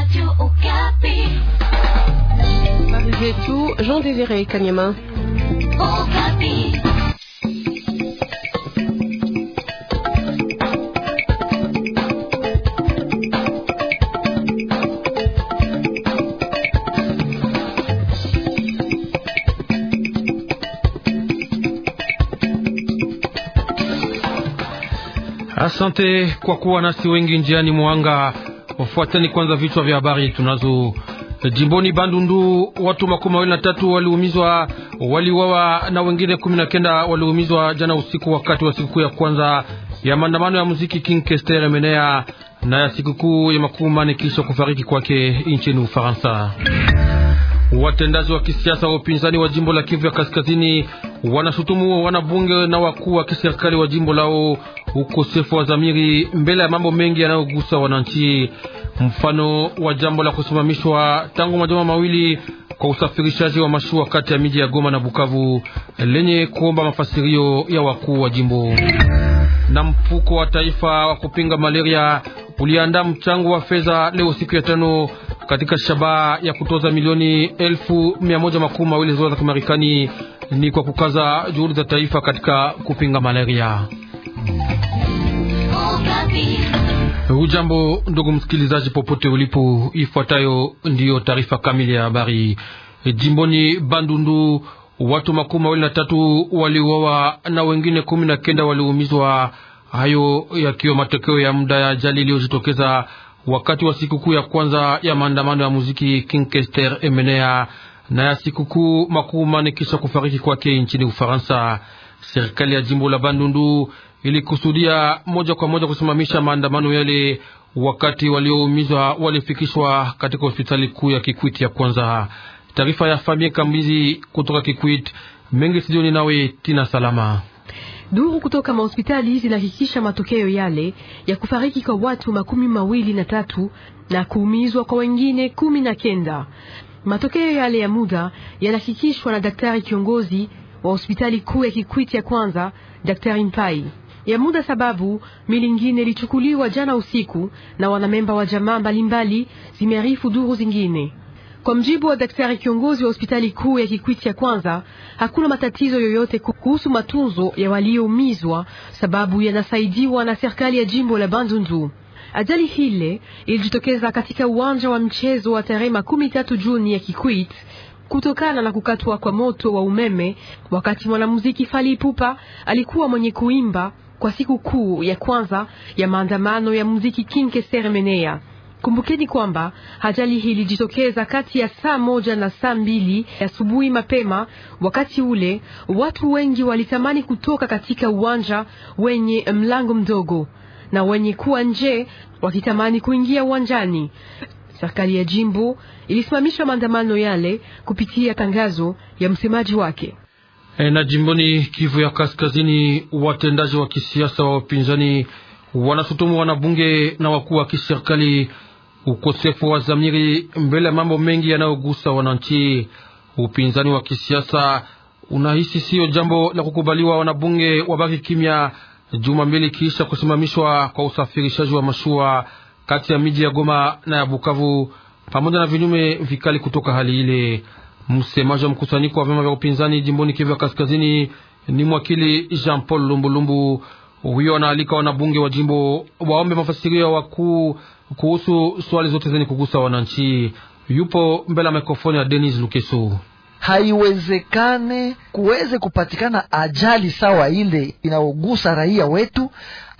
Habari zetu Jean Désiré Kanyama. Asante kwa kuwa nasi wengi njiani mwanga. Wafuateni kwanza vichwa vya habari tunazo. Jimboni Bandundu, watu makumi mawili na tatu waliumizwa, waliuawa na wengine kumi na kenda waliumizwa jana usiku, wakati wa sikukuu ya kwanza ya maandamano ya muziki King Kester Menea na ya sikukuu ya makumi mane kisha kufariki kwake nchini Ufaransa. Watendaji wa kisiasa wa upinzani wa jimbo la Kivu ya Kaskazini wanashutumu wanabunge na wakuu wa kiserikali wa jimbo lao ukosefu wa zamiri mbele ya mambo mengi yanayogusa wananchi mfano wa jambo la kusimamishwa tangu majuma mawili kwa usafirishaji wa mashua kati ya miji ya Goma na Bukavu lenye kuomba mafasirio ya wakuu wa jimbo. Na mfuko wa taifa wa kupinga malaria uliandaa mchango wa fedha leo siku ya tano katika shabaha ya kutoza milioni elfu mia moja makumi mawili za Kimarekani ni kwa kukaza juhudi za taifa katika kupinga malaria. Oh, Hujambo ndugu msikilizaji, popote ulipo, ifuatayo ndiyo taarifa kamili ya habari. Jimboni Bandundu watu makumi mawili na tatu waliuawa na wengine kumi na kenda waliumizwa, hayo yakiwa matokeo ya muda ya ajali iliyojitokeza wakati wa sikukuu ya kwanza ya maandamano ya muziki Kinkester Emenea na ya sikukuu makuu mane kisha kufariki kwake nchini Ufaransa. Serikali ya jimbo la Bandundu ilikusudia moja kwa moja kusimamisha maandamano yale. Wakati walioumizwa walifikishwa katika hospitali kuu ya Kikwit ya kwanza. Taarifa ya Fabien Kambizi kutoka Kikwit. Mengi sijoni nawe Tina Salama. Duru kutoka mahospitali zinahakikisha matokeo yale ya kufariki kwa watu makumi mawili na tatu na kuumizwa kwa wengine kumi na kenda. Matokeo yale ya muda yanahakikishwa na daktari kiongozi wa hospitali kuu ya kikwiti ya kwanza, Daktari Mpai ya muda sababu milingine ilichukuliwa jana usiku na wanamemba wa jamaa mbalimbali, zimearifu duru zingine. Kwa mjibu wa daktari kiongozi wa hospitali kuu ya Kikwiti ya kwanza, hakuna matatizo yoyote kuhusu matunzo ya walioumizwa, sababu yanasaidiwa na serikali ya jimbo la Bandundu. Ajali hile ilijitokeza katika uwanja wa mchezo wa tarehe makumi tatu Juni ya Kikwit kutokana na kukatwa kwa moto wa umeme wakati mwanamuziki Fali alikuwa mwenye kuimba kwa siku kuu ya kwanza ya maandamano ya muziki seremenea Kumbukeni kwamba ajali hii ilijitokeza kati ya saa moja na saa mbili asubuhi mapema. Wakati ule watu wengi walitamani kutoka katika uwanja wenye mlango mdogo na wenye kuwa nje wakitamani kuingia uwanjani. Serikali ya jimbo ilisimamisha maandamano yale kupitia tangazo ya msemaji wake. E, na jimboni Kivu ya Kaskazini, watendaji wa kisiasa wa upinzani wanashutumu wanabunge na wakuu wa kiserikali ukosefu wa zamiri mbele ya mambo mengi yanayogusa wananchi. Upinzani wa kisiasa unahisi siyo jambo la kukubaliwa wanabunge wabaki kimya juma mbili kisha kusimamishwa kwa usafirishaji wa mashua kati ya miji ya Goma na ya Bukavu pamoja na vinyume vikali kutoka hali ile. Msemaji wa mkusanyiko wa vyama vya upinzani jimboni Kivu ya Kaskazini ni mwakili Jean Paul Lumbulumbu. Huyo anaalika wanabunge wa jimbo waombe mafasirio ya wakuu kuhusu swali zote zenye kugusa wananchi. Yupo mbele ya mikrofoni ya Denis Lukesu. Haiwezekane kuweze kupatikana ajali sawa ile inayogusa raia wetu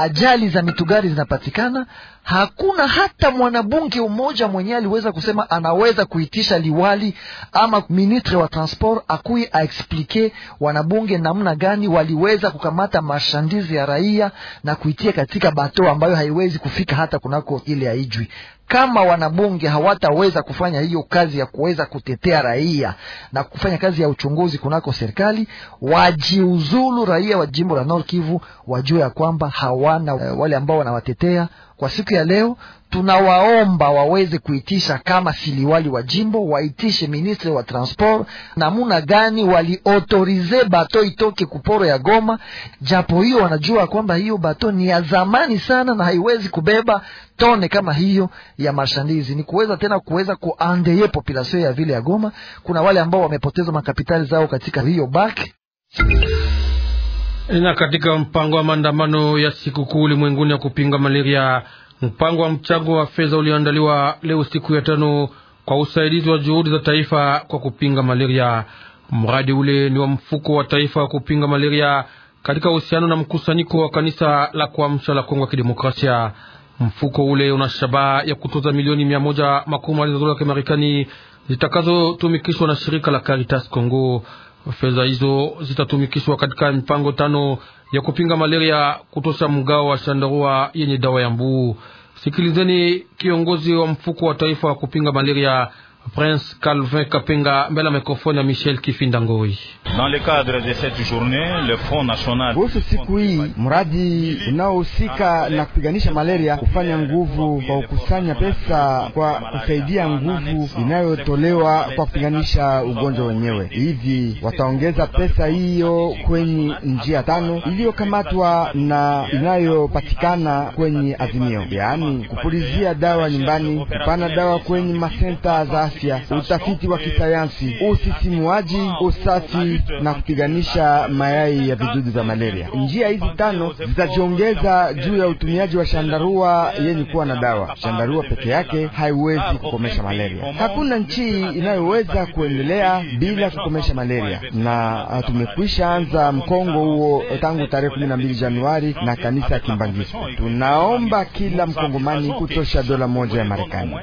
ajali za mitugari zinapatikana. Hakuna hata mwanabunge mmoja mwenyewe aliweza kusema anaweza kuitisha liwali ama ministre wa transport akuye aexplike wanabunge namna gani waliweza kukamata mashandizi ya raia na kuitia katika bato ambayo haiwezi kufika hata kunako ile haijwi kama wanabunge hawataweza kufanya hiyo kazi ya kuweza kutetea raia na kufanya kazi ya uchunguzi kunako serikali, wajiuzulu raia wa jimbo la Nord Kivu wajue ya kwamba hawa wana eh, wale ambao wanawatetea kwa siku ya leo, tunawaomba waweze kuitisha kama siliwali wa jimbo waitishe ministre wa transport, namuna gani waliotorize bato itoke kuporo ya Goma, japo hiyo wanajua kwamba hiyo bato ni ya zamani sana na haiwezi kubeba tone kama hiyo ya marshandizi. Ni kuweza tena kuweza kuandeye population ya vile ya Goma. Kuna wale ambao wamepoteza makapitali zao katika hiyo baki na katika mpango wa maandamano ya sikukuu ulimwenguni ya kupinga malaria, mpango wa mchango wa fedha ulioandaliwa leo siku ya tano kwa usaidizi wa juhudi za taifa kwa kupinga malaria. Mradi ule ni wa mfuko wa taifa wa kupinga malaria katika uhusiano na mkusanyiko wa kanisa la kuamsha la Kongo ya Kidemokrasia. Mfuko ule una shabaha ya kutoza milioni mia moja makumi mawili za dola Kimarekani zitakazotumikishwa na shirika la Caritas Congo. Fedha hizo zitatumikishwa katika mipango tano ya kupinga malaria, kutosha mgao wa shandarua yenye dawa ya mbuu. Sikilizeni kiongozi wa mfuko wa taifa wa kupinga malaria Prince Calvin Kapenga mbele ya mikrofoni ya Michel Kifinda Kuhusu siku hii, mradi unaohusika na kupiganisha malaria kufanya nguvu kwa kukusanya pesa kwa kusaidia nguvu inayotolewa kwa kupiganisha ugonjwa wenyewe. Hivi wataongeza pesa hiyo kwenye njia tano iliyokamatwa na inayopatikana kwenye azimio, yaani kupulizia dawa nyumbani, kupana dawa kwenye masenta za afya, utafiti wa kisayansi, usisimuaji, usafi na kupiganisha mayai ya vidudu vya malaria. Njia hizi tano zitajiongeza juu ya utumiaji wa shandarua yenye kuwa na dawa. Shandarua peke yake haiwezi kukomesha malaria. Hakuna nchi inayoweza kuendelea bila kukomesha malaria, na ah, tumekwisha anza mkongo huo tangu tarehe kumi na mbili Januari na kanisa ya Kimbangiso. Tunaomba kila mkongomani kutosha dola moja ya Marekani.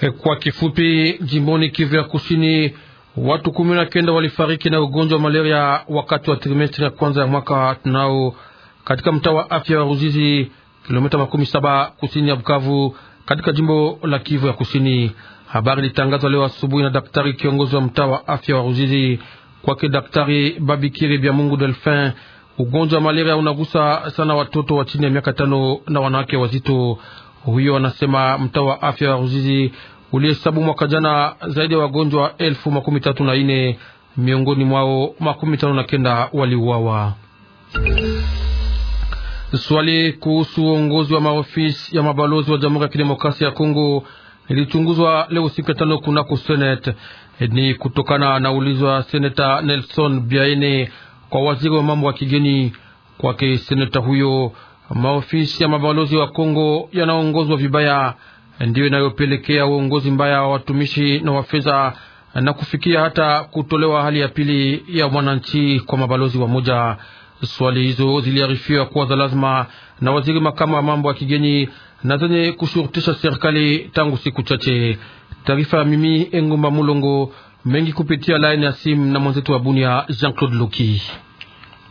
Eh, kwa kifupi, jimboni Kivu ya Kusini, watu kumi na kenda walifariki na ugonjwa wa malaria wakati wa trimestri ya kwanza ya mwaka tunao katika mtaa wa afya wa Ruzizi, kilomita makumi saba kusini ya Bukavu, katika jimbo la Kivu ya Kusini. Habari ilitangazwa leo asubuhi na daktari kiongozi wa mtaa wa afya wa Ruzizi. Kwake Daktari Babikiri Bya Mungu Delfin, ugonjwa wa malaria unagusa sana watoto wa chini ya miaka tano na wanawake wazito. Huyo anasema mtaa wa afya wa Ruzizi ulihesabu mwaka jana zaidi ya wagonjwa elfu makumi tatu na nne miongoni mwao makumi tano na kenda waliuawa. Swali kuhusu uongozi wa maofisi ya mabalozi wa Jamhuri ya Kidemokrasia ya Kongo ilichunguzwa leo siku ya tano kunako Senate. Ni kutokana na ulizwa Seneta Nelson Biaine kwa waziri wa mambo ya kigeni. Kwake seneta huyo maofisi ya mabalozi wa Kongo yanaongozwa vibaya, ndiyo inayopelekea uongozi mbaya wa watumishi na wafedha na kufikia hata kutolewa hali ya pili ya mwananchi kwa mabalozi wa moja. Swali hizo ziliarifiwa kuwa za lazima na waziri makamu wa mambo ya kigeni na zenye kushurutisha serikali tangu siku chache. Taarifa ya mimi Engumba Mulongo mengi kupitia laini ya simu na mwenzetu wa Bunia Jean-Claude Loki.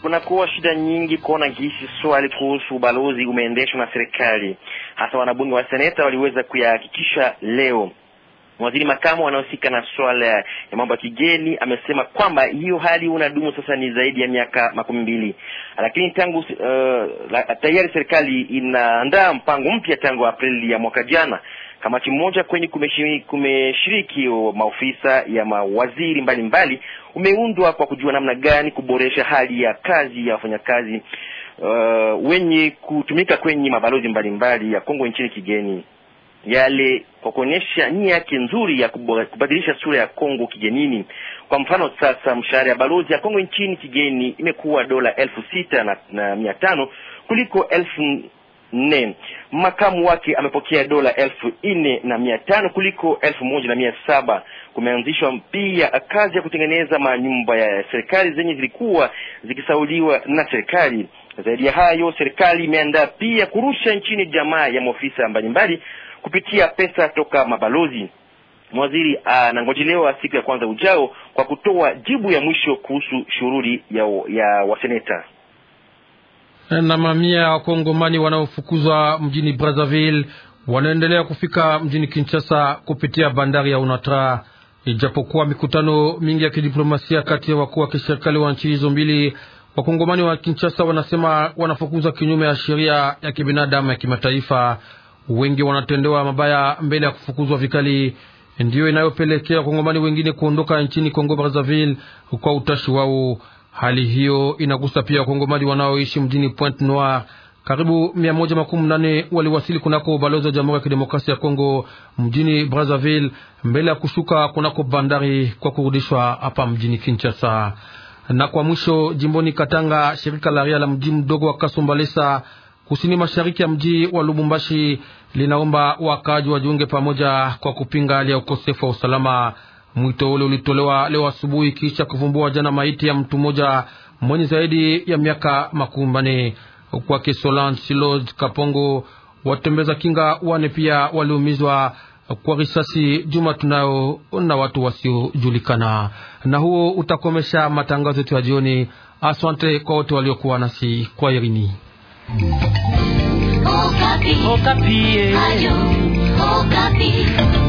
Kunakuwa shida nyingi kuona gisi swali kuhusu ubalozi umeendeshwa na serikali, hasa wanabunge wa seneta waliweza kuyahakikisha leo. Waziri makamu anayehusika na swala ya mambo ya kigeni amesema kwamba hiyo hali unadumu sasa ni zaidi ya miaka makumi mbili, lakini tangu uh, tayari serikali inaandaa mpango mpya tangu Aprili ya mwaka jana Kamati mmoja kwenye kumeshiriki maofisa ya mawaziri mbalimbali umeundwa kwa kujua namna gani kuboresha hali ya kazi ya wafanyakazi uh, wenye kutumika kwenye mabalozi mbalimbali mbali ya Kongo nchini kigeni yale kwa kuonyesha nia yake nzuri ya kubadilisha sura ya Kongo kigenini. Kwa mfano, sasa mshahara ya balozi ya Kongo nchini kigeni imekuwa dola elfu sita na, na mia tano kuliko elfu nne. Makamu wake amepokea dola elfu nne na mia tano kuliko elfu moja na mia saba. Kumeanzishwa pia kazi ya kutengeneza manyumba ya serikali zenye zilikuwa zikisauliwa na serikali. Zaidi ya hayo, serikali imeandaa pia kurusha nchini jamaa ya maofisa mbalimbali kupitia pesa toka mabalozi. Mwaziri ah, anangojelewa siku ya kwanza ujao kwa kutoa jibu ya mwisho kuhusu shughuli ya, ya waseneta na mamia ya wakongomani wanaofukuzwa mjini Brazzaville wanaendelea kufika mjini Kinshasa kupitia bandari ya Unatra, ijapokuwa mikutano mingi ya kidiplomasia kati ya wakuu wa kiserikali wa nchi hizo mbili. Wakongomani wa Kinshasa wanasema wanafukuzwa kinyume ya sheria ya kibinadamu ya kimataifa. Wengi wanatendewa mabaya mbele ya kufukuzwa vikali, ndiyo inayopelekea wakongomani wengine kuondoka nchini Kongo Brazzaville kwa utashi wao. Hali hiyo inagusa pia wakongomani wanaoishi mjini Pointe Noire. Karibu mia moja makumi nane waliwasili kunako ubalozi wa Jamhuri ya Kidemokrasia ya Kongo mjini Brazzaville mbele ya kushuka kunako bandari kwa kurudishwa hapa mjini Kinshasa. Na kwa mwisho, jimboni Katanga, shirika la ria la mji mdogo wa Kasumbalesa kusini mashariki ya mji wa Lubumbashi linaomba wakaaji wajiunge pamoja kwa kupinga hali ya ukosefu wa usalama. Mwito ule ulitolewa leo asubuhi kisha kuvumbua jana maiti ya mtu mmoja mwenye zaidi ya miaka makumi manne kwake solan Silos Kapongo. Watembeza kinga wane pia waliumizwa kwa risasi juma tunayo na watu wasiojulikana. Na huo utakomesha matangazo yetu ya jioni. Asante kwa wote waliokuwa nasi kwa irini Okapi. Okapi.